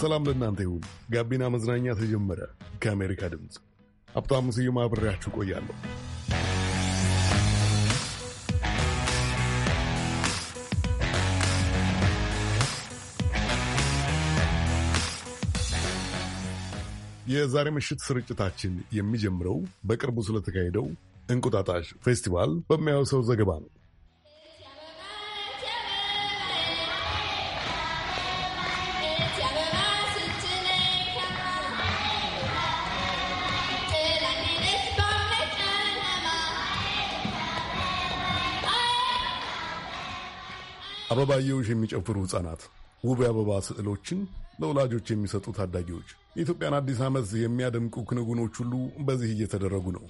ሰላም ለእናንተ ይሁን። ጋቢና መዝናኛ ተጀመረ። ከአሜሪካ ድምፅ ሀብታሙ ስዩም አብሬያችሁ ቆያለሁ። የዛሬ ምሽት ስርጭታችን የሚጀምረው በቅርቡ ስለተካሄደው እንቁጣጣሽ ፌስቲቫል በሚያውሰው ዘገባ ነው። አበባየውሽ የሚጨፍሩ ሕፃናት፣ ውብ የአበባ ስዕሎችን ለወላጆች የሚሰጡ ታዳጊዎች። የኢትዮጵያን አዲስ ዓመት የሚያደምቁ ክንውኖች ሁሉ በዚህ እየተደረጉ ነው።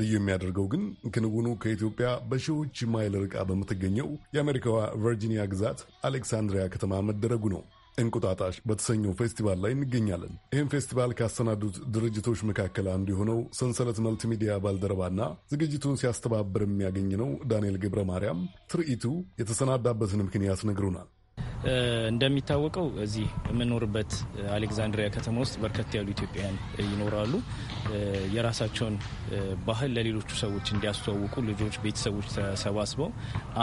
ልዩ የሚያደርገው ግን ክንውኑ ከኢትዮጵያ በሺዎች ማይል ርቃ በምትገኘው የአሜሪካዋ ቨርጂኒያ ግዛት አሌክሳንድሪያ ከተማ መደረጉ ነው። እንቁጣጣሽ በተሰኘው ፌስቲቫል ላይ እንገኛለን። ይህም ፌስቲቫል ካሰናዱት ድርጅቶች መካከል አንዱ የሆነው ሰንሰለት መልቲሚዲያ ባልደረባና ዝግጅቱን ሲያስተባብር የሚያገኝ ነው ዳንኤል ገብረ ማርያም ትርኢቱ የተሰናዳበትን ምክንያት ነግሩናል። እንደሚታወቀው እዚህ የምኖርበት አሌክዛንድሪያ ከተማ ውስጥ በርከት ያሉ ኢትዮጵያውያን ይኖራሉ። የራሳቸውን ባህል ለሌሎቹ ሰዎች እንዲያስተዋውቁ ልጆች፣ ቤተሰቦች ተሰባስበው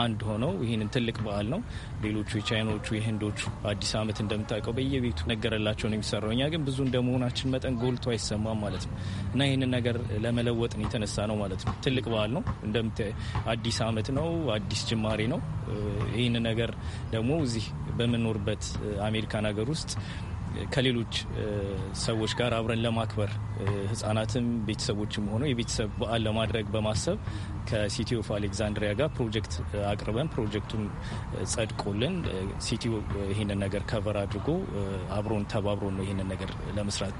አንድ ሆነው ይህንን ትልቅ በዓል ነው። ሌሎቹ የቻይናዎቹ፣ የህንዶቹ አዲስ ዓመት እንደምታውቀው በየቤቱ ነገረላቸው ነው የሚሰራው። እኛ ግን ብዙ እንደመሆናችን መጠን ጎልቶ አይሰማም ማለት ነው እና ይህንን ነገር ለመለወጥ ነው የተነሳ ነው ማለት ነው። ትልቅ በዓል ነው እንደምታ አዲስ ዓመት ነው፣ አዲስ ጅማሬ ነው። ይህን ነገር ደግሞ እዚህ በምንኖርበት አሜሪካን ሀገር ውስጥ ከሌሎች ሰዎች ጋር አብረን ለማክበር ህጻናትም ቤተሰቦችም ሆነው የቤተሰብ በዓል ለማድረግ በማሰብ ከሲቲ ኦፍ አሌክዛንድሪያ ጋር ፕሮጀክት አቅርበን ፕሮጀክቱን ጸድቆልን ሲቲ ይህንን ነገር ከቨር አድርጎ አብሮን ተባብሮ ነው ይህንን ነገር ለመስራት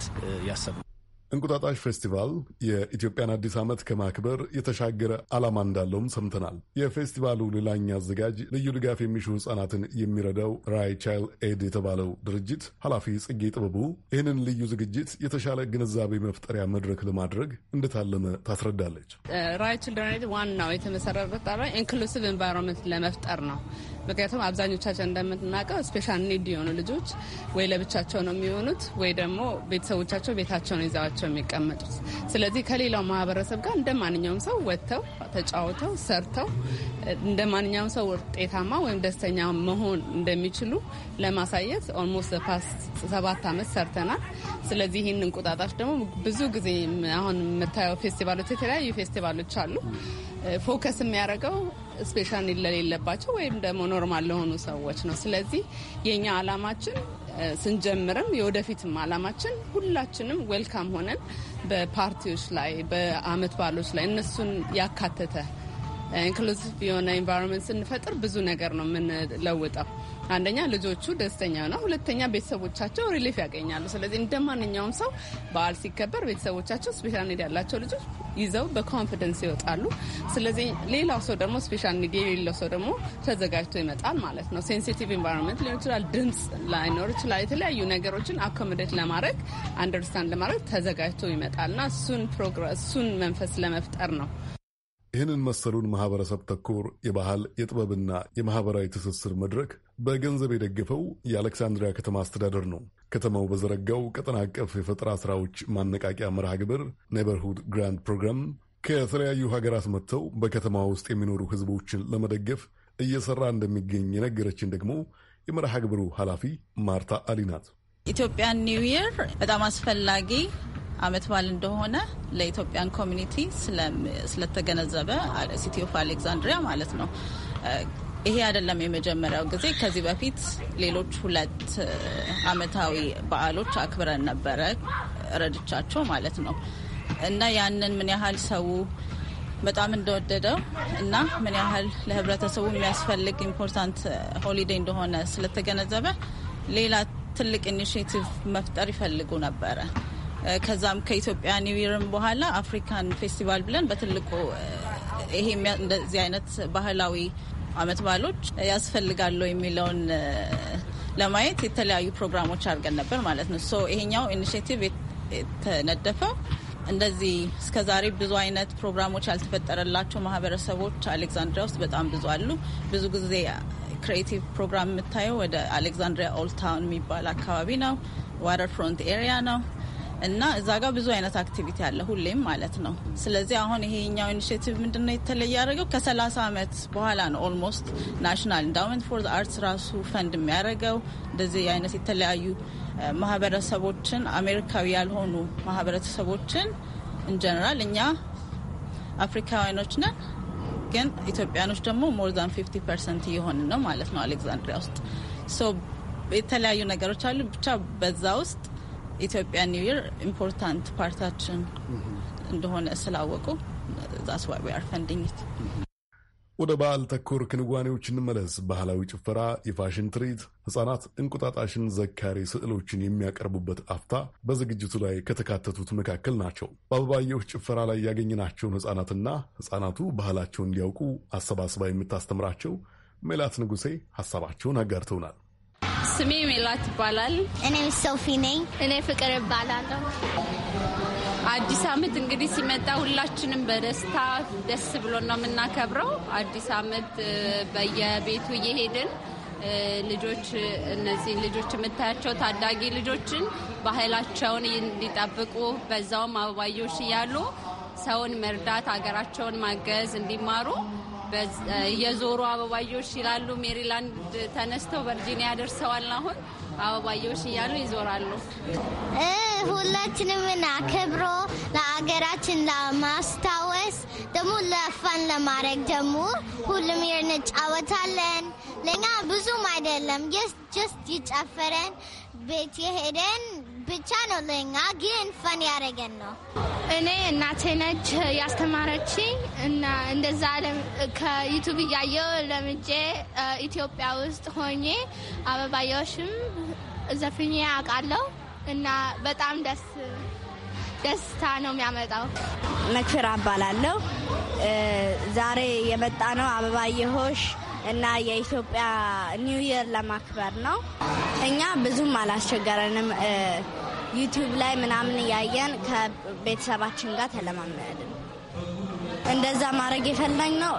ያሰብነው። እንቁጣጣሽ ፌስቲቫል የኢትዮጵያን አዲስ ዓመት ከማክበር የተሻገረ ዓላማ እንዳለውም ሰምተናል። የፌስቲቫሉ ሌላኛ አዘጋጅ ልዩ ድጋፍ የሚሹ ሕጻናትን የሚረዳው ራይ ቻይልድ ኤድ የተባለው ድርጅት ኃላፊ ጽጌ ጥበቡ ይህንን ልዩ ዝግጅት የተሻለ ግንዛቤ መፍጠሪያ መድረክ ለማድረግ እንደታለመ ታስረዳለች። ራይ ችልድረን ኤድ ዋናው የተመሰረተበት ጣቢያ ኢንክሉሲቭ ኤንቫይሮንመንት ለመፍጠር ነው። ምክንያቱም አብዛኞቻችን እንደምናውቀው ስፔሻል ኒድ የሆኑ ልጆች ወይ ለብቻቸው ነው የሚሆኑት ወይ ደግሞ ቤተሰቦቻቸው ቤታቸውን ይዘዋቸው ናቸው የሚቀመጡት። ስለዚህ ከሌላው ማህበረሰብ ጋር እንደ ማንኛውም ሰው ወጥተው ተጫውተው ሰርተው እንደ ማንኛውም ሰው ውጤታማ ወይም ደስተኛ መሆን እንደሚችሉ ለማሳየት ኦልሞስት ፓስት ሰባት ዓመት ሰርተናል። ስለዚህ ይህን እንቁጣጣሽ ደግሞ ብዙ ጊዜ አሁን የምታየው ፌስቲቫሎች የተለያዩ ፌስቲቫሎች አሉ ፎከስ የሚያደርገው ስፔሻል ለሌለባቸው ወይም ደግሞ ኖርማል ለሆኑ ሰዎች ነው። ስለዚህ የእኛ አላማችን ስንጀምርም የወደፊትም አላማችን ሁላችንም ዌልካም ሆነን በፓርቲዎች ላይ በአመት በዓሎች ላይ እነሱን ያካተተ ኢንክሉሲቭ የሆነ ኤንቫይሮንመንት ስንፈጥር ብዙ ነገር ነው የምንለውጠው። አንደኛ ልጆቹ ደስተኛ ነው፣ ሁለተኛ ቤተሰቦቻቸው ሪሊፍ ያገኛሉ። ስለዚህ እንደ ማንኛውም ሰው በዓል ሲከበር ቤተሰቦቻቸው ስፔሻል ኒድ ያላቸው ልጆች ይዘው በኮንፊደንስ ይወጣሉ። ስለዚህ ሌላው ሰው ደግሞ ስፔሻል ኒድ የሌለው ሰው ደግሞ ተዘጋጅቶ ይመጣል ማለት ነው። ሴንሲቲቭ ኢንቫይሮንመንት ሊሆን ይችላል፣ ድምፅ ላይኖር ይችላል። የተለያዩ ነገሮችን አኮሞዴት ለማድረግ አንደርስታንድ ለማድረግ ተዘጋጅቶ ይመጣል እና እሱን ፕሮግረስ እሱን መንፈስ ለመፍጠር ነው። ይህንን መሰሉን ማህበረሰብ ተኮር የባህል የጥበብና የማህበራዊ ትስስር መድረክ በገንዘብ የደገፈው የአሌክሳንድሪያ ከተማ አስተዳደር ነው። ከተማው በዘረጋው ቀጠና አቀፍ የፈጠራ ስራዎች ማነቃቂያ መርሃ ግብር ኔበርሁድ ግራንድ ፕሮግራም ከተለያዩ ሀገራት መጥተው በከተማ ውስጥ የሚኖሩ ህዝቦችን ለመደገፍ እየሰራ እንደሚገኝ የነገረችን ደግሞ የመርሃ ግብሩ ኃላፊ ማርታ አሊ ናት። ኢትዮጵያን ኒው ይር በጣም አስፈላጊ አመት በዓል እንደሆነ ለኢትዮጵያን ኮሚኒቲ ስለተገነዘበ ሲቲ ኦፍ አሌክዛንድሪያ ማለት ነው ይሄ አይደለም የመጀመሪያው ጊዜ። ከዚህ በፊት ሌሎች ሁለት አመታዊ በዓሎች አክብረን ነበረ ረድቻቸው ማለት ነው እና ያንን ምን ያህል ሰው በጣም እንደወደደው እና ምን ያህል ለህብረተሰቡ የሚያስፈልግ ኢምፖርታንት ሆሊዴ እንደሆነ ስለተገነዘበ ሌላ ትልቅ ኢኒሽቲቭ መፍጠር ይፈልጉ ነበረ። ከዛም ከኢትዮጵያ ኒውይርም በኋላ አፍሪካን ፌስቲቫል ብለን በትልቁ ይሄ እንደዚህ አይነት ባህላዊ አመት ባሎች ያስፈልጋሉ የሚለውን ለማየት የተለያዩ ፕሮግራሞች አድርገን ነበር ማለት ነው። ሶ ይሄኛው ኢኒሽቲቭ የተነደፈው እንደዚህ እስከዛሬ ብዙ አይነት ፕሮግራሞች ያልተፈጠረላቸው ማህበረሰቦች አሌክዛንድሪያ ውስጥ በጣም ብዙ አሉ። ብዙ ጊዜ ክሬቲቭ ፕሮግራም የምታየው ወደ አሌክዛንድሪያ ኦልድ ታውን የሚባል አካባቢ ነው፣ ዋተር ፍሮንት ኤሪያ ነው። እና እዛ ጋር ብዙ አይነት አክቲቪቲ አለ ሁሌም ማለት ነው። ስለዚህ አሁን ይሄኛው ኢኒሽቲቭ ምንድነው የተለየ ያደረገው ከሰላሳ ዓመት በኋላ ነው ኦልሞስት ናሽናል ኢንዳውመንት ፎር አርትስ ራሱ ፈንድ የሚያደርገው እንደዚህ አይነት የተለያዩ ማህበረሰቦችን አሜሪካዊ ያልሆኑ ማህበረሰቦችን እንጀነራል እኛ አፍሪካውያኖች ነን ግን ኢትዮጵያኖች ደግሞ ሞር ዛን 50 ፐርሰንት እየሆንን ነው ማለት ነው አሌክዛንድሪያ ውስጥ የተለያዩ ነገሮች አሉ ብቻ በዛ ውስጥ ኢትዮጵያ ኒው ይር ኢምፖርታንት ፓርታችን እንደሆነ ስላወቁ ዛስ ዋይ ዊ አር ፈንዲንግ ኢት። ወደ በዓል ተኮር ክንዋኔዎች እንመለስ። ባህላዊ ጭፈራ፣ የፋሽን ትርኢት፣ ሕፃናት እንቁጣጣሽን ዘካሪ ስዕሎችን የሚያቀርቡበት አፍታ በዝግጅቱ ላይ ከተካተቱት መካከል ናቸው። በአበባየሁ ጭፈራ ላይ ያገኘናቸውን ሕፃናትና ሕፃናቱ ባህላቸውን እንዲያውቁ አሰባስባ የምታስተምራቸው ሜላት ንጉሴ ሀሳባቸውን አጋርተውናል። ስሜ ሜላት ይባላል። እኔ ሶፊ ነኝ። እኔ ፍቅር ይባላለሁ። አዲስ አመት እንግዲህ ሲመጣ ሁላችንም በደስታ ደስ ብሎ ነው የምናከብረው። አዲስ አመት በየቤቱ እየሄድን ልጆች እነዚህ ልጆች የምታያቸው ታዳጊ ልጆችን ባህላቸውን እንዲጠብቁ በዛውም አበባዮሽ እያሉ ሰውን መርዳት፣ ሀገራቸውን ማገዝ እንዲማሩ የዞሩ አበባዮሽ ይላሉ። ሜሪላንድ ተነስተው ቨርጂኒያ ደርሰዋል። አሁን አበባዮሽ እያሉ ይዞራሉ። ሁላችንም አክብሮ ለአገራችን ለማስታወስ ደግሞ ለፋን ለማድረግ ደግሞ ሁሉም እንጫወታለን። ለእኛ ብዙም አይደለም ጀስት ይጨፈረን ቤት የሄደን ብቻ ነው ለኛ ግን ፈን ያደረገን ነው። እኔ እናቴ ነች ያስተማረች እና እንደዛ ከዩቱብ እያየው ለምጄ ኢትዮጵያ ውስጥ ሆኜ አበባዮሽም ዘፍኜ አውቃለሁ እና በጣም ደስ ደስታ ነው የሚያመጣው። መክፍራ አባላለሁ ዛሬ የመጣ ነው አበባየሆሽ እና የኢትዮጵያ ኒው ይር ለማክበር ነው። እኛ ብዙም አላስቸገረንም። ዩቲዩብ ላይ ምናምን እያየን ከቤተሰባችን ጋር ተለማመድን። እንደዛ ማድረግ የፈለግ ነው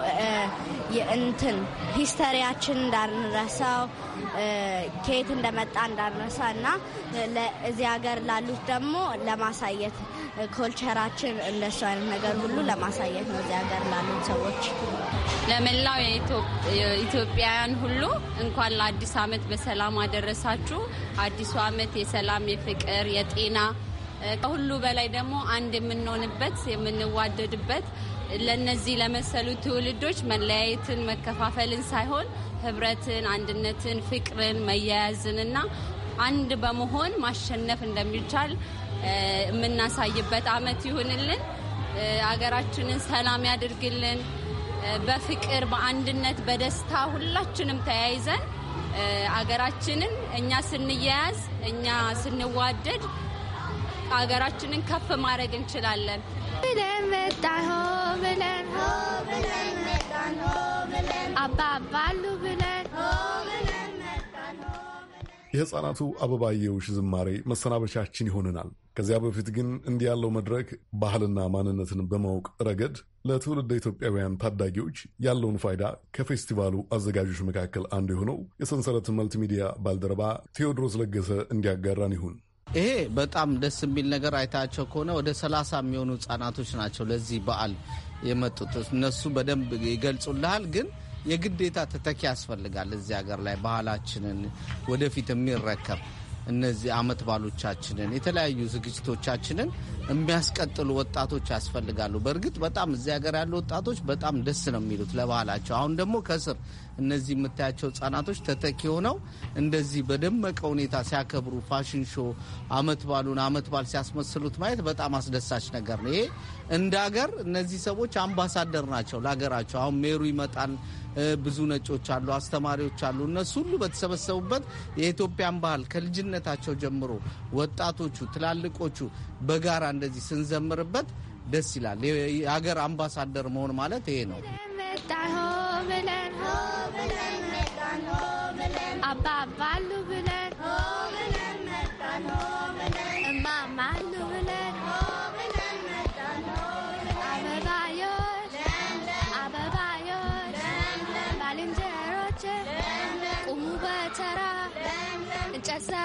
እንትን ሂስተሪያችን እንዳንረሳው ከየት እንደመጣ እንዳንረሳ እና እዚህ ሀገር ላሉት ደግሞ ለማሳየት ኮልቸራችን እንደሱ አይነት ነገር ሁሉ ለማሳየት ነው እዚህ ሀገር ላሉት ሰዎች። ለመላው ኢትዮጵያውያን ሁሉ እንኳን ለአዲስ ዓመት በሰላም አደረሳችሁ። አዲሱ ዓመት የሰላም፣ የፍቅር፣ የጤና ከሁሉ በላይ ደግሞ አንድ የምንሆንበት የምንዋደድበት ለነዚህ ለመሰሉ ትውልዶች መለያየትን መከፋፈልን ሳይሆን ህብረትን፣ አንድነትን፣ ፍቅርን፣ መያያዝንና አንድ በመሆን ማሸነፍ እንደሚቻል የምናሳይበት አመት ይሁንልን። አገራችንን ሰላም ያድርግልን። በፍቅር በአንድነት፣ በደስታ ሁላችንም ተያይዘን አገራችንን እኛ ስንያያዝ እኛ ስንዋደድ አገራችንን ከፍ ማድረግ እንችላለን ብለን መጣን። ሆ ብለን ብለን የሕፃናቱ አበባየውሽ ዝማሬ መሰናበቻችን ይሆንናል። ከዚያ በፊት ግን እንዲህ ያለው መድረክ ባህልና ማንነትን በማወቅ ረገድ ለትውልድ ኢትዮጵያውያን ታዳጊዎች ያለውን ፋይዳ ከፌስቲቫሉ አዘጋጆች መካከል አንዱ የሆነው የሰንሰለት መልቲሚዲያ ባልደረባ ቴዎድሮስ ለገሰ እንዲያጋራን ይሁን። ይሄ በጣም ደስ የሚል ነገር አይታቸው ከሆነ ወደ ሰላሳ የሚሆኑ ህጻናቶች ናቸው ለዚህ በዓል የመጡት። እነሱ በደንብ ይገልጹልሃል ግን የግዴታ ተተኪ ያስፈልጋል። እዚህ ሀገር ላይ ባህላችንን ወደፊት የሚረከብ እነዚህ አመት ባሎቻችንን የተለያዩ ዝግጅቶቻችንን የሚያስቀጥሉ ወጣቶች ያስፈልጋሉ። በእርግጥ በጣም እዚህ ሀገር ያሉ ወጣቶች በጣም ደስ ነው የሚሉት ለባህላቸው። አሁን ደግሞ ከስር እነዚህ የምታያቸው ህጻናቶች ተተኪ ሆነው እንደዚህ በደመቀ ሁኔታ ሲያከብሩ ፋሽን ሾ አመት ባሉን አመት ባል ሲያስመስሉት ማየት በጣም አስደሳች ነገር ነው። ይሄ እንደ ሀገር እነዚህ ሰዎች አምባሳደር ናቸው ለሀገራቸው። አሁን ሜሩ ይመጣል ብዙ ነጮች አሉ፣ አስተማሪዎች አሉ። እነሱ ሁሉ በተሰበሰቡበት የኢትዮጵያን ባህል ከልጅነታቸው ጀምሮ ወጣቶቹ፣ ትላልቆቹ በጋራ እንደዚህ ስንዘምርበት ደስ ይላል። የሀገር አምባሳደር መሆን ማለት ይሄ ነው። አባ ብለን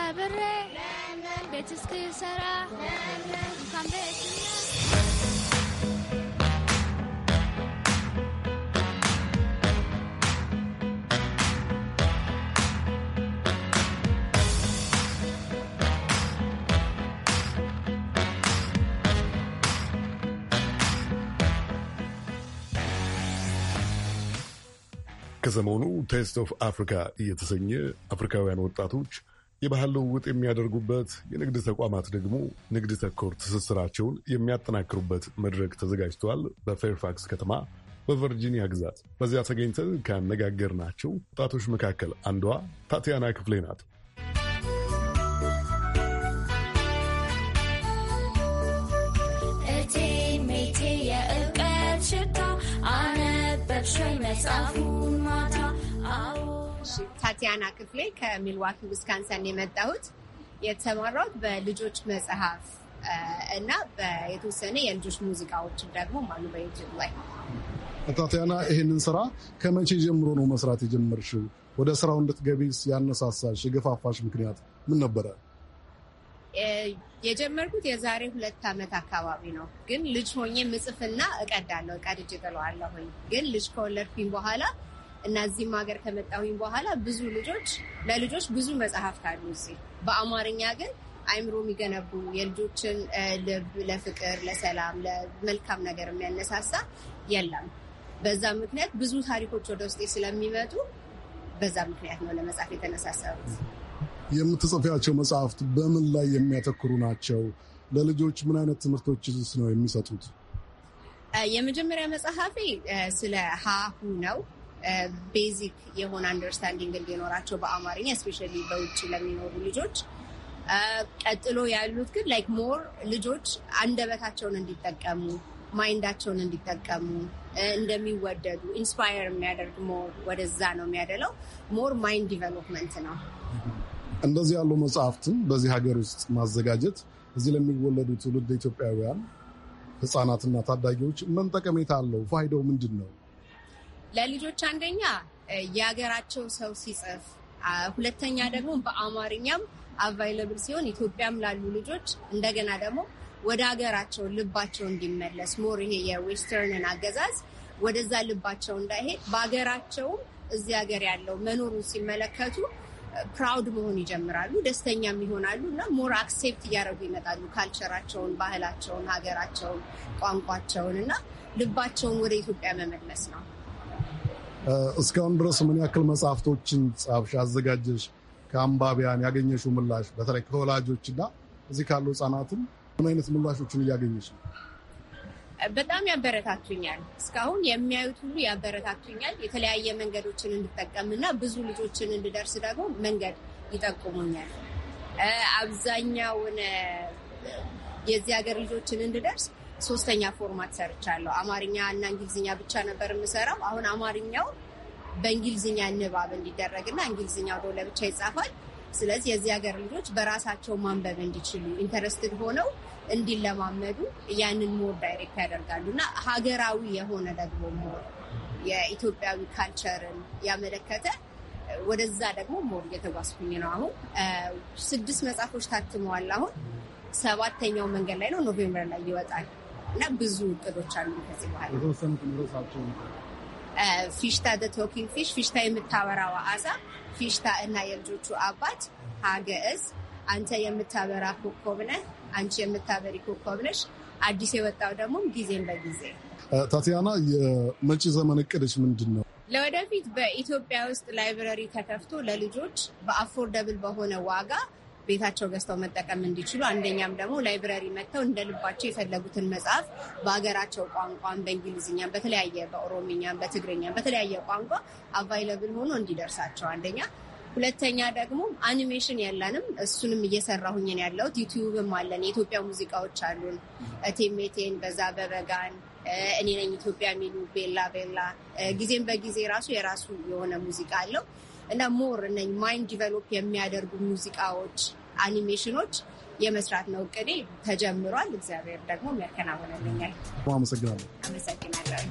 ተሰብሬ ቤት እስክሰራ እንኳን ቤት ከሰሞኑ ቴስት ኦፍ አፍሪካ እየተሰኘ አፍሪካውያን ወጣቶች የባህል ልውውጥ የሚያደርጉበት፣ የንግድ ተቋማት ደግሞ ንግድ ተኮር ትስስራቸውን የሚያጠናክሩበት መድረክ ተዘጋጅተዋል በፌርፋክስ ከተማ በቨርጂኒያ ግዛት። በዚያ ተገኝተን ካነጋገርናቸው ወጣቶች መካከል አንዷ ታቲያና ክፍሌ ናት። እቴ ሜቴ የእብቀት ሽታ አነበብሽ ወይ መጽሐፉን ማታ? ታቲያና ክፍሌ ከሚልዋኪ ዊስካንሰን የመጣሁት የተማራት በልጆች መጽሐፍ እና የተወሰነ የልጆች ሙዚቃዎችን ደግሞ አሉ በዩቲዩብ ላይ። ታቲያና ይህንን ስራ ከመቼ ጀምሮ ነው መስራት የጀመርሽው? ወደ ስራው እንድትገቢስ ያነሳሳሽ የገፋፋሽ ምክንያት ምን ነበረ? የጀመርኩት የዛሬ ሁለት ዓመት አካባቢ ነው። ግን ልጅ ሆኜ ምጽፍና እቀዳለሁ፣ እቀድጅ ጥለዋለሁኝ። ግን ልጅ ከወለድኩኝ በኋላ እና እዚህም ሀገር ከመጣሁኝ በኋላ ብዙ ልጆች ለልጆች ብዙ መጽሐፍት አሉ እዚህ በአማርኛ ግን አይምሮ የሚገነቡ የልጆችን ልብ ለፍቅር፣ ለሰላም፣ ለመልካም ነገር የሚያነሳሳ የለም። በዛ ምክንያት ብዙ ታሪኮች ወደ ውስጤ ስለሚመጡ በዛ ምክንያት ነው ለመጽሐፍ የተነሳሰሩት። የምትጽፊያቸው መጽሐፍት በምን ላይ የሚያተኩሩ ናቸው? ለልጆች ምን አይነት ትምህርቶችስ ነው የሚሰጡት? የመጀመሪያ መጽሐፌ ስለ ሀሁ ነው። ቤዚክ የሆነ አንደርስታንዲንግ እንዲኖራቸው በአማርኛ እስፔሻሊ በውጭ ለሚኖሩ ልጆች ቀጥሎ ያሉት ግን ላይክ ሞር ልጆች አንደበታቸውን እንዲጠቀሙ ማይንዳቸውን እንዲጠቀሙ እንደሚወደዱ ኢንስፓየር የሚያደርግ ሞር ወደዛ ነው የሚያደለው። ሞር ማይንድ ዲቨሎፕመንት ነው። እንደዚህ ያሉ መጽሐፍትን በዚህ ሀገር ውስጥ ማዘጋጀት እዚህ ለሚወለዱ ትውልድ ኢትዮጵያውያን ህፃናትና ታዳጊዎች ምን ጠቀሜታ አለው? ፋይዳው ምንድን ነው? ለልጆች አንደኛ የሀገራቸው ሰው ሲጽፍ፣ ሁለተኛ ደግሞ በአማርኛም አቫይለብል ሲሆን ኢትዮጵያም ላሉ ልጆች እንደገና ደግሞ ወደ ሀገራቸው ልባቸው እንዲመለስ ሞር ይሄ የዌስተርንን አገዛዝ ወደዛ ልባቸው እንዳይሄድ በሀገራቸውም እዚህ ሀገር ያለው መኖሩን ሲመለከቱ ፕራውድ መሆን ይጀምራሉ፣ ደስተኛም ይሆናሉ እና ሞር አክሴፕት እያደረጉ ይመጣሉ ካልቸራቸውን፣ ባህላቸውን፣ ሀገራቸውን፣ ቋንቋቸውን እና ልባቸውን ወደ ኢትዮጵያ መመለስ ነው። እስካሁን ድረስ ምን ያክል መጽሐፍቶችን ጻፍሽ፣ አዘጋጀሽ? ከአንባቢያን ያገኘሽው ምላሽ በተለይ ከወላጆችና እዚህ ካሉ ህጻናትም ምን አይነት ምላሾችን እያገኘች ነው? በጣም ያበረታቱኛል። እስካሁን የሚያዩት ሁሉ ያበረታቱኛል። የተለያየ መንገዶችን እና ብዙ ልጆችን እንድደርስ ደግሞ መንገድ ይጠቁሙኛል። አብዛኛውን የዚህ ሀገር ልጆችን እንድደርስ ሶስተኛ ፎርማት ሰርቻለሁ። አማርኛ እና እንግሊዝኛ ብቻ ነበር የምሰራው። አሁን አማርኛው በእንግሊዝኛ ንባብ እንዲደረግና እንግሊዝኛው ደግሞ ለብቻ ይጻፋል። ስለዚህ የዚህ ሀገር ልጆች በራሳቸው ማንበብ እንዲችሉ ኢንተረስትድ ሆነው እንዲለማመዱ ያንን ሞር ዳይሬክት ያደርጋሉ እና ሀገራዊ የሆነ ደግሞ ሞር የኢትዮጵያዊ ካልቸርን ያመለከተ ወደዛ ደግሞ ሞር እየተጓዝኩኝ ነው። አሁን ስድስት መጽሐፎች ታትመዋል። አሁን ሰባተኛው መንገድ ላይ ነው። ኖቬምበር ላይ ይወጣል። እና ብዙ እቅዶች አሉ። ከዚህ በኋላ የተወሰኑት ኖሮሳቸው ፊሽታ ዘ ቶኪንግ ፊሽ ፊሽታ የምታበራው አሳ ፊሽታ እና የልጆቹ አባት ሀገእዝ አንተ የምታበራ ኮከብ ነህ፣ አንቺ የምታበሪ ኮከብ ነሽ። አዲስ የወጣው ደግሞ ጊዜን በጊዜ ታቲያና፣ የመጪ ዘመን እቅድሽ ምንድን ነው? ለወደፊት በኢትዮጵያ ውስጥ ላይብረሪ ተከፍቶ ለልጆች በአፎርደብል በሆነ ዋጋ ቤታቸው ገዝተው መጠቀም እንዲችሉ፣ አንደኛም ደግሞ ላይብረሪ መጥተው እንደ ልባቸው የፈለጉትን መጽሐፍ በሀገራቸው ቋንቋን በእንግሊዝኛም፣ በተለያየ በኦሮሚኛ በትግርኛ በተለያየ ቋንቋ አቫይለብል ሆኖ እንዲደርሳቸው አንደኛ ሁለተኛ ደግሞ አኒሜሽን ያለንም እሱንም እየሰራሁኝ ነው ያለሁት። ዩቲዩብም አለን፣ የኢትዮጵያ ሙዚቃዎች አሉን። ቴሜቴን በዛ በበጋን እኔ ነኝ ኢትዮጵያ የሚሉ ቤላ ቤላ ጊዜም በጊዜ ራሱ የራሱ የሆነ ሙዚቃ አለው። እና ሞር እነ ማይንድ ዲቨሎፕ የሚያደርጉ ሙዚቃዎች፣ አኒሜሽኖች የመስራት ነው እቅዴ። ተጀምሯል። እግዚአብሔር ደግሞ የሚያከናውንልኛል። አመሰግናለሁ። አመሰግናለሁ።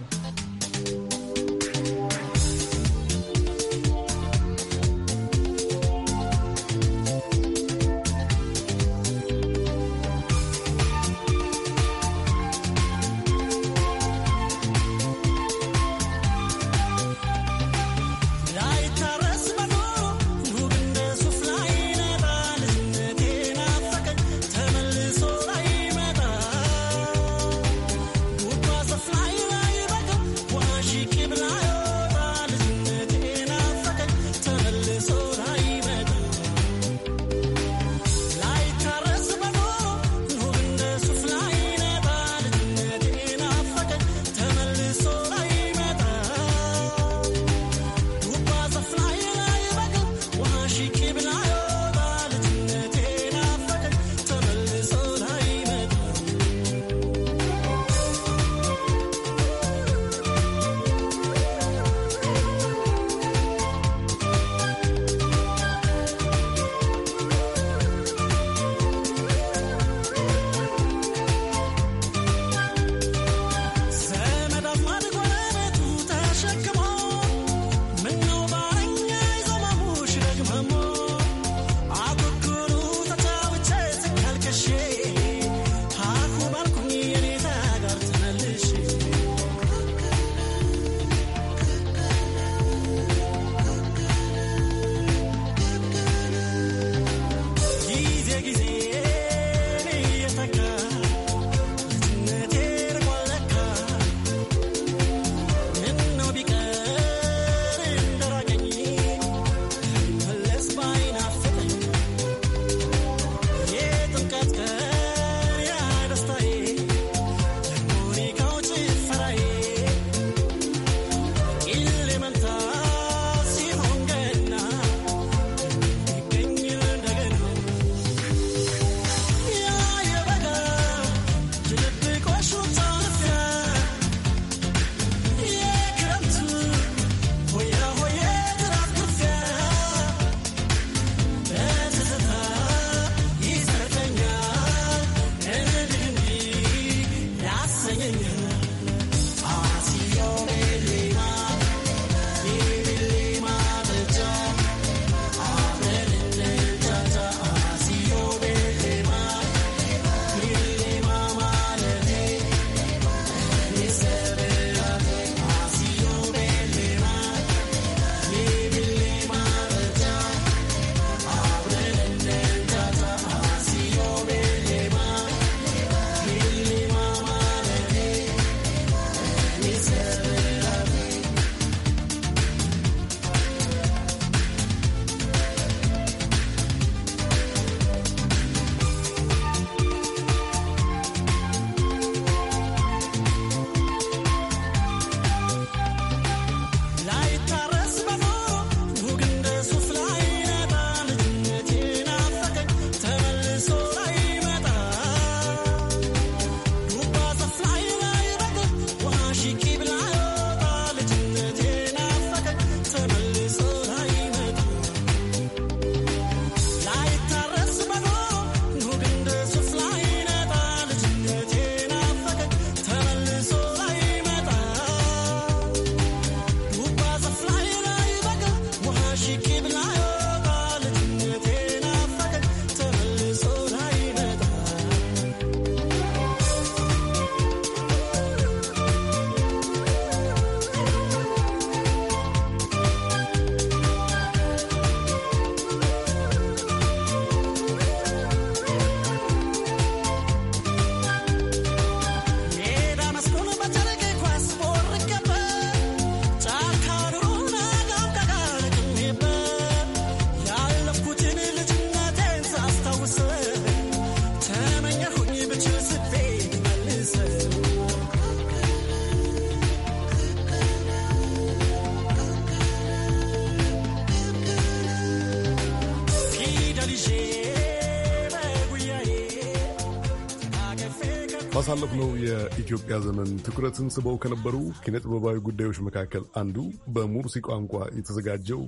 ነው የኢትዮጵያ ዘመን ትኩረትን ስበው ከነበሩ ኪነጥበባዊ ጉዳዮች መካከል አንዱ በሙርሲ ቋንቋ የተዘጋጀው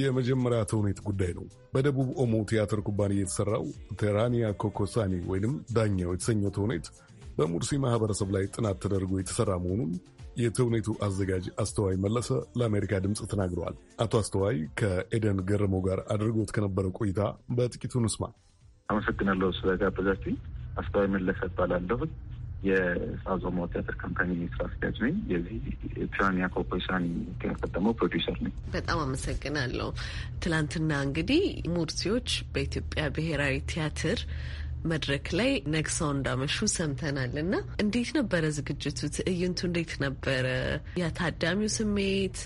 የመጀመሪያ ተውኔት ጉዳይ ነው። በደቡብ ኦሞ ቲያትር ኩባንያ የተሰራው ቴራኒያ ኮኮሳኒ ወይንም ዳኛው የተሰኘው ተውኔት በሙርሲ ማህበረሰብ ላይ ጥናት ተደርጎ የተሰራ መሆኑን የተውኔቱ አዘጋጅ አስተዋይ መለሰ ለአሜሪካ ድምፅ ተናግረዋል። አቶ አስተዋይ ከኤደን ገረመው ጋር አድርጎት ከነበረው ቆይታ በጥቂቱ ንስማ። አመሰግናለሁ ስለጋበዛችሁኝ። አስተዋይ መለሰ እባላለሁ። የሳዞሞ ቲያትር ካምፓኒ ስራ አስኪያጅ ነኝ። የዚህ ፒራኒያ ኮርፖሬሽን ቲያትር ፕሮዲሰር ነኝ። በጣም አመሰግናለሁ። ትላንትና እንግዲህ ሙርሲዎች በኢትዮጵያ ብሔራዊ ቲያትር መድረክ ላይ ነግሰው እንዳመሹ ሰምተናል እና እንዴት ነበረ ዝግጅቱ? ትዕይንቱ እንዴት ነበረ? የታዳሚው ስሜት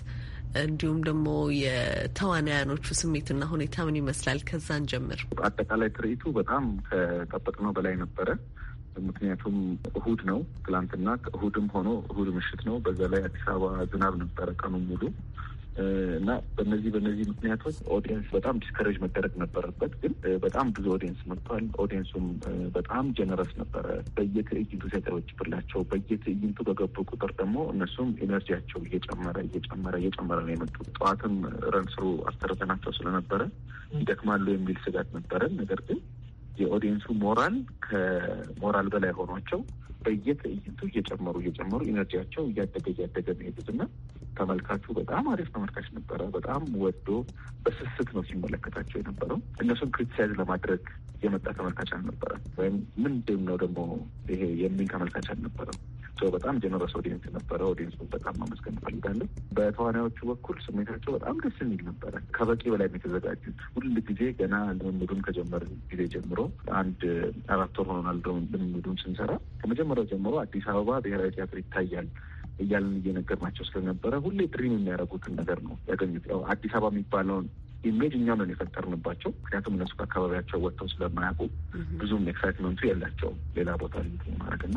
እንዲሁም ደግሞ የተዋናያኖቹ ስሜትና ሁኔታ ምን ይመስላል? ከዛን ጀምር። አጠቃላይ ትርኢቱ በጣም ከጠበቅነው በላይ ነበረ። ምክንያቱም እሁድ ነው ትላንትና፣ እሁድም ሆኖ እሁድ ምሽት ነው። በዛ ላይ አዲስ አበባ ዝናብ ነበረ ቀኑ ሙሉ እና በነዚህ በነዚህ ምክንያቶች ኦዲየንስ በጣም ዲስከሬጅ መደረግ ነበረበት። ግን በጣም ብዙ ኦዲየንስ መጥቷል። ኦዲየንሱም በጣም ጀነረስ ነበረ። በየትዕይንቱ ሴጠሮች ብላቸው በየትዕይንቱ በገቡ ቁጥር ደግሞ እነሱም ኢነርጂያቸው እየጨመረ እየጨመረ እየጨመረ ነው የመጡ። ጠዋትም ረንስሩ አስተረተናቸው ስለነበረ ይደክማሉ የሚል ስጋት ነበረን። ነገር ግን የኦዲየንሱ ሞራል ከሞራል በላይ ሆኗቸው በየትዕይንቱ እየጨመሩ እየጨመሩ ኢነርጂያቸው እያደገ እያደገ መሄዱት እና ተመልካቹ በጣም አሪፍ ተመልካች ነበረ። በጣም ወዶ በስስት ነው ሲመለከታቸው የነበረው። እነሱን ክሪቲሳይዝ ለማድረግ የመጣ ተመልካች አልነበረም፣ ወይም ምንድን ነው ደግሞ ይሄ የሚል ተመልካች አልነበረም። ስሜታቸው በጣም ጀነረስ ኦዲየንስ የነበረ ኦዲየንሱን በጣም ማመስገን እንፈልጋለን። በተዋናዮቹ በኩል ስሜታቸው በጣም ደስ የሚል ነበረ። ከበቂ በላይ የተዘጋጁት ሁል ጊዜ ገና ልምምዱን ከጀመር ጊዜ ጀምሮ አንድ አራት ወር ሆኖናል ልምምዱን ስንሰራ ከመጀመሪያው ጀምሮ አዲስ አበባ ብሔራዊ ቲያትር ይታያል እያልን እየነገርናቸው ስለነበረ ሁሌ ድሪም የሚያደርጉትን ነገር ነው ያገኙት። ያው አዲስ አበባ የሚባለውን ኢሜጅ እኛ ነን የፈጠርንባቸው። ምክንያቱም እነሱ ከአካባቢያቸው ወጥተው ስለማያውቁ ብዙም ኤክሳይትመንቱ የላቸውም ሌላ ቦታ ማድረግ እና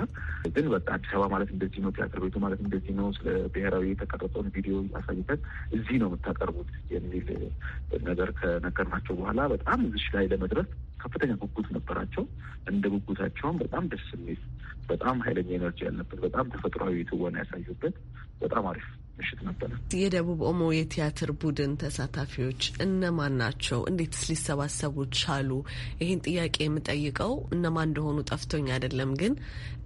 ግን በቃ አዲስ አበባ ማለት እንደዚህ ነው፣ ቲያትር ቤቱ ማለት እንደዚህ ነው፣ ስለ ብሔራዊ የተቀረጸውን ቪዲዮ አሳይተን እዚህ ነው የምታቀርቡት የሚል ነገር ከነገርናቸው በኋላ በጣም እዚህ ላይ ለመድረስ ከፍተኛ ጉጉት ነበራቸው። እንደ ጉጉታቸውም በጣም ደስ የሚል በጣም ኃይለኛ ኤነርጂ ያለበት በጣም ተፈጥሯዊ ትወና ያሳዩበት በጣም አሪፍ ምሽት ነበረ። የደቡብ ኦሞ የቲያትር ቡድን ተሳታፊዎች እነማን ናቸው? እንዴትስ ሊሰባሰቡ ቻሉ? ይህን ጥያቄ የምጠይቀው እነማን እንደሆኑ ጠፍቶኝ አይደለም፣ ግን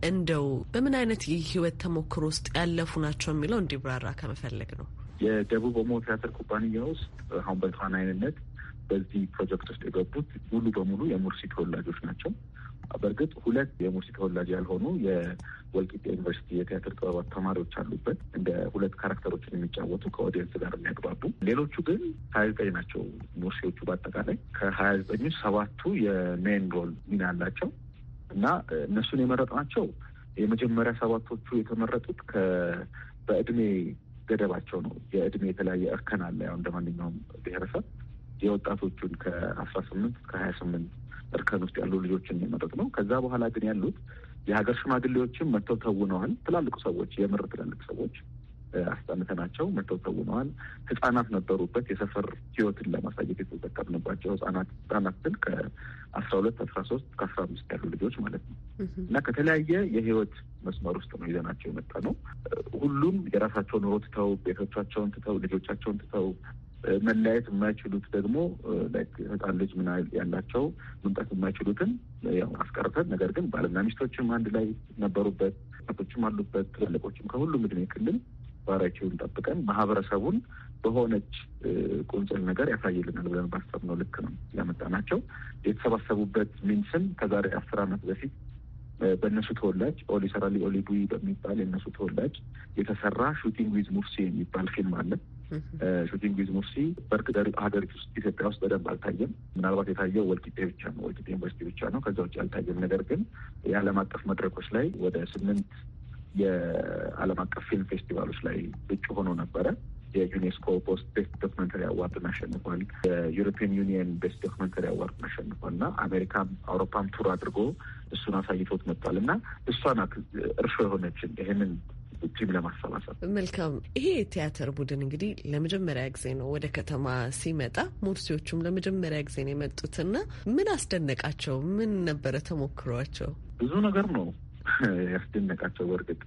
እንደው በምን አይነት የህይወት ተሞክሮ ውስጥ ያለፉ ናቸው የሚለው እንዲብራራ ከመፈለግ ነው። የደቡብ ኦሞ ቲያትር ኩባንያ ውስጥ አሁን በተዋናይነት በዚህ ፕሮጀክት ውስጥ የገቡት ሙሉ በሙሉ የሙርሲ ተወላጆች ናቸው። በእርግጥ ሁለት የሙርሲ ተወላጅ ያልሆኑ የወልቂጤ ዩኒቨርሲቲ የቲያትር ጥበባት ተማሪዎች አሉበት እንደ ሁለት ካራክተሮችን የሚጫወቱ ከኦዲየንስ ጋር የሚያግባቡ። ሌሎቹ ግን ሀያ ዘጠኝ ናቸው። ሙርሲዎቹ በአጠቃላይ ከሀያ ዘጠኙ ሰባቱ የሜን ሮል ሚና ያላቸው እና እነሱን ናቸው የመጀመሪያ ሰባቶቹ የተመረጡት በእድሜ ገደባቸው ነው። የእድሜ የተለያየ እርከን አለ። ያው እንደ ማንኛውም ብሔረሰብ የወጣቶቹን ከአስራ ስምንት ከሀያ ስምንት እርከን ውስጥ ያሉ ልጆችን የመረጥ ነው። ከዛ በኋላ ግን ያሉት የሀገር ሽማግሌዎችም መጥተው ተውነዋል። ትላልቁ ሰዎች የምር ትላልቅ ሰዎች አስጠንተናቸው መጥተው ተውነዋል። ህጻናት ነበሩበት። የሰፈር ህይወትን ለማሳየት የተጠቀምንባቸው ህጻናት ህጻናት ስል ከአስራ ሁለት አስራ ሶስት ከአስራ አምስት ያሉ ልጆች ማለት ነው እና ከተለያየ የህይወት መስመር ውስጥ ነው ይዘናቸው የመጣ ነው። ሁሉም የራሳቸው ኑሮ ትተው ቤቶቻቸውን ትተው ልጆቻቸውን ትተው መለያየት የማይችሉት ደግሞ ህጣን ልጅ ምን ያላቸው መምጣት የማይችሉትን ያው አስቀርተን፣ ነገር ግን ባልና ሚስቶችም አንድ ላይ ነበሩበት፣ ቶችም አሉበት፣ ትላልቆችም ከሁሉም እድሜ ክልል ባህሪያቸውን ጠብቀን ማህበረሰቡን በሆነች ቁንጽል ነገር ያሳይልናል ብለን ባሰብነው ልክ ነው ናቸው። የተሰባሰቡበት ሚንስም ከዛሬ አስር ዓመት በፊት በእነሱ ተወላጅ ኦሊ ሰራሊ በሚባል የእነሱ ተወላጅ የተሰራ ሹቲንግ ዊዝ ሙርሲ የሚባል ፊልም አለ። ሹቲንግ ዊዝ ሙርሲ በእርግጥ ሀገሪቱ ውስጥ ኢትዮጵያ ውስጥ በደንብ አልታየም። ምናልባት የታየው ወልቂጤ ብቻ ነው፣ ወልቂጤ ዩኒቨርሲቲ ብቻ ነው። ከዛ ውጭ አልታየም። ነገር ግን የዓለም አቀፍ መድረኮች ላይ ወደ ስምንት የዓለም አቀፍ ፊልም ፌስቲቫሎች ላይ እጩ ሆኖ ነበረ። የዩኔስኮ ፖስት ቤስት ዶክመንተሪ አዋርድን አሸንፏል። የዩሮፒያን ዩኒየን ቤስት ዶክመንተሪ አዋርድን አሸንፏል እና አሜሪካም አውሮፓም ቱር አድርጎ እሱን አሳይቶት መጥቷል እና እሷ ናት እርሾ የሆነችን ይህንን እጅም ለማሰባሰብ መልካም። ይሄ የቲያትር ቡድን እንግዲህ ለመጀመሪያ ጊዜ ነው ወደ ከተማ ሲመጣ፣ ሞርሲዎቹም ለመጀመሪያ ጊዜ ነው የመጡትና ምን አስደነቃቸው? ምን ነበረ ተሞክሯቸው? ብዙ ነገር ነው ያስደነቃቸው በእርግጥ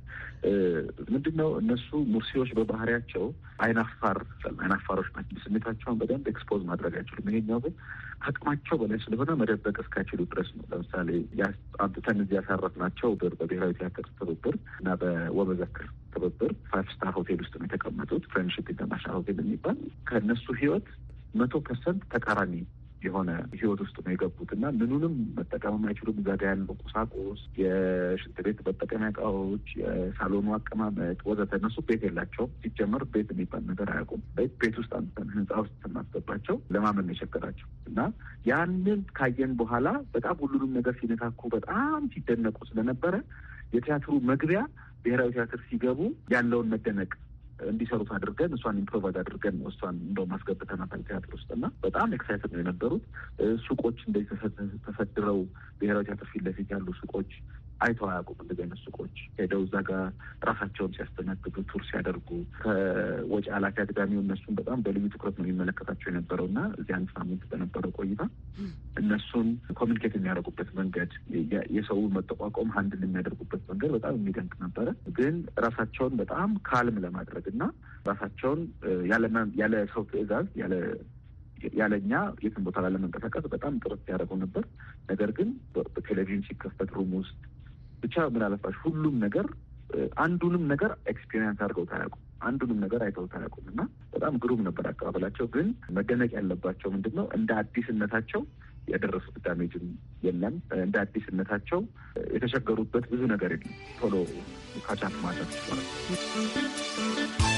ምንድን ነው እነሱ ሙርሲዎች በባህሪያቸው አይናፋር አይናፋሮች ናቸው። ስሜታቸውን በደንብ ኤክስፖዝ ማድረግ አይችሉም። ይሄኛው ግን አቅማቸው በላይ ስለሆነ መደበቅ እስካችሉ ድረስ ነው። ለምሳሌ አብተን እዚህ ያሳረፍናቸው በብሔራዊ ቲያትር ትብብር እና በወበዘክር ትብብር ፋይቭ ስታር ሆቴል ውስጥ ነው የተቀመጡት ፍሬንድሽፕ ኢንተርናሽናል ሆቴል የሚባል ከእነሱ ህይወት መቶ ፐርሰንት ተቃራኒ የሆነ ህይወት ውስጥ ነው የገቡት እና ምኑንም መጠቀም የማይችሉ እዛ ጋ ያለው ቁሳቁስ፣ የሽንት ቤት መጠቀሚያ እቃዎች፣ የሳሎኑ አቀማመጥ ወዘተ። እነሱ ቤት የላቸውም። ሲጀመር ቤት የሚባል ነገር አያውቁም። ቤት ውስጥ አንተን ህንፃ ውስጥ ስናስገባቸው ለማመን ነው የቸገራቸው እና ያንን ካየን በኋላ በጣም ሁሉንም ነገር ሲነካኩ በጣም ሲደነቁ ስለነበረ የቲያትሩ መግቢያ ብሔራዊ ቲያትር ሲገቡ ያለውን መደነቅ እንዲሰሩት አድርገን እሷን ኢምፕሮቫይዝ አድርገን ነው እሷን እንደ አስገብተናታል ቲያትር ውስጥ እና በጣም ኤክሳይትድ ነው የነበሩት። ሱቆች እንደዚህ ተሰድረው ብሔራዊ ቲያትር ፊት ለፊት ያሉ ሱቆች አይተው አያውቁም። እንደዚህ አይነት ሱቆች ሄደው እዛ ጋር ራሳቸውን ሲያስተናግዱ ቱር ሲያደርጉ ከወጪ ኃላፊ አግዳሚው እነሱን በጣም በልዩ ትኩረት ነው የሚመለከታቸው የነበረው እና እዚህ አንድ ሳምንት በነበረው ቆይታ እነሱን ኮሚኒኬት የሚያደርጉበት መንገድ፣ የሰው መጠቋቋም ሀንድል የሚያደርጉበት መንገድ በጣም የሚደንቅ ነበረ። ግን ራሳቸውን በጣም ካልም ለማድረግ እና ራሳቸውን ያለ ሰው ትዕዛዝ ያለ ያለኛ የትን ቦታ ላለመንቀሳቀስ በጣም ጥረት ያደረገው ነበር። ነገር ግን በቴሌቪዥን ሲከፈት ሩም ውስጥ ብቻ ምን አለፋሽ ሁሉም ነገር አንዱንም ነገር ኤክስፔሪንስ አድርገው ታያውቁም። አንዱንም ነገር አይተው አያውቁም እና በጣም ግሩም ነበር አቀባበላቸው። ግን መደነቅ ያለባቸው ምንድን ነው እንደ አዲስነታቸው የደረሱ ዳሜጅም የለም። እንደ አዲስነታቸው የተቸገሩበት ብዙ ነገር የለም። ቶሎ ካቻት ማለት ይችላል።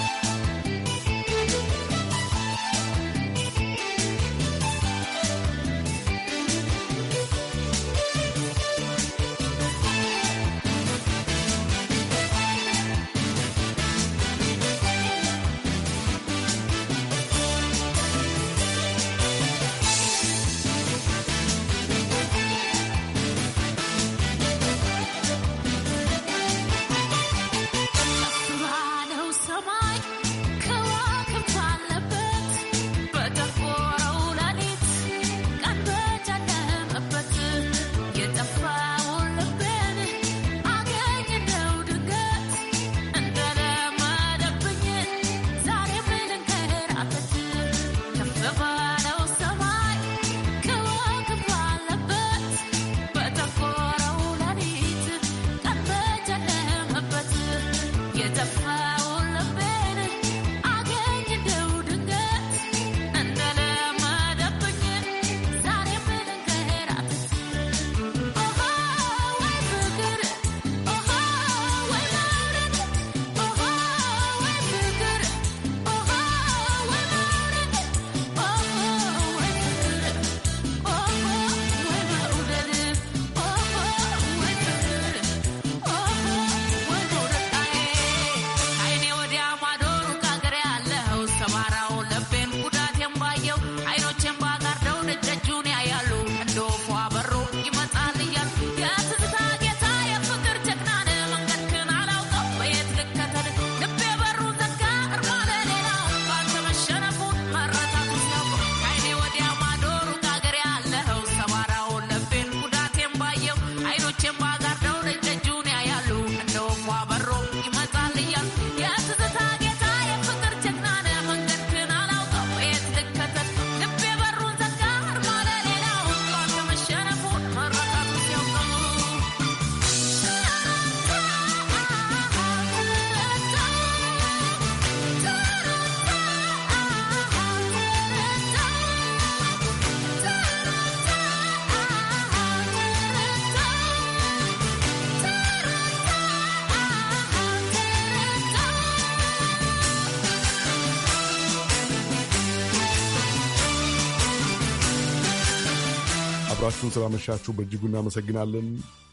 አብራችሁን ስላመሻችሁ በእጅጉ እናመሰግናለን።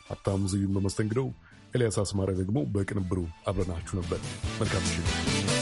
ሀብታሙ ዝዩን በመስተንግደው፣ ኤልያስ አስማሪያ ደግሞ በቅንብሩ አብረናችሁ ነበር። መልካም ምሽት።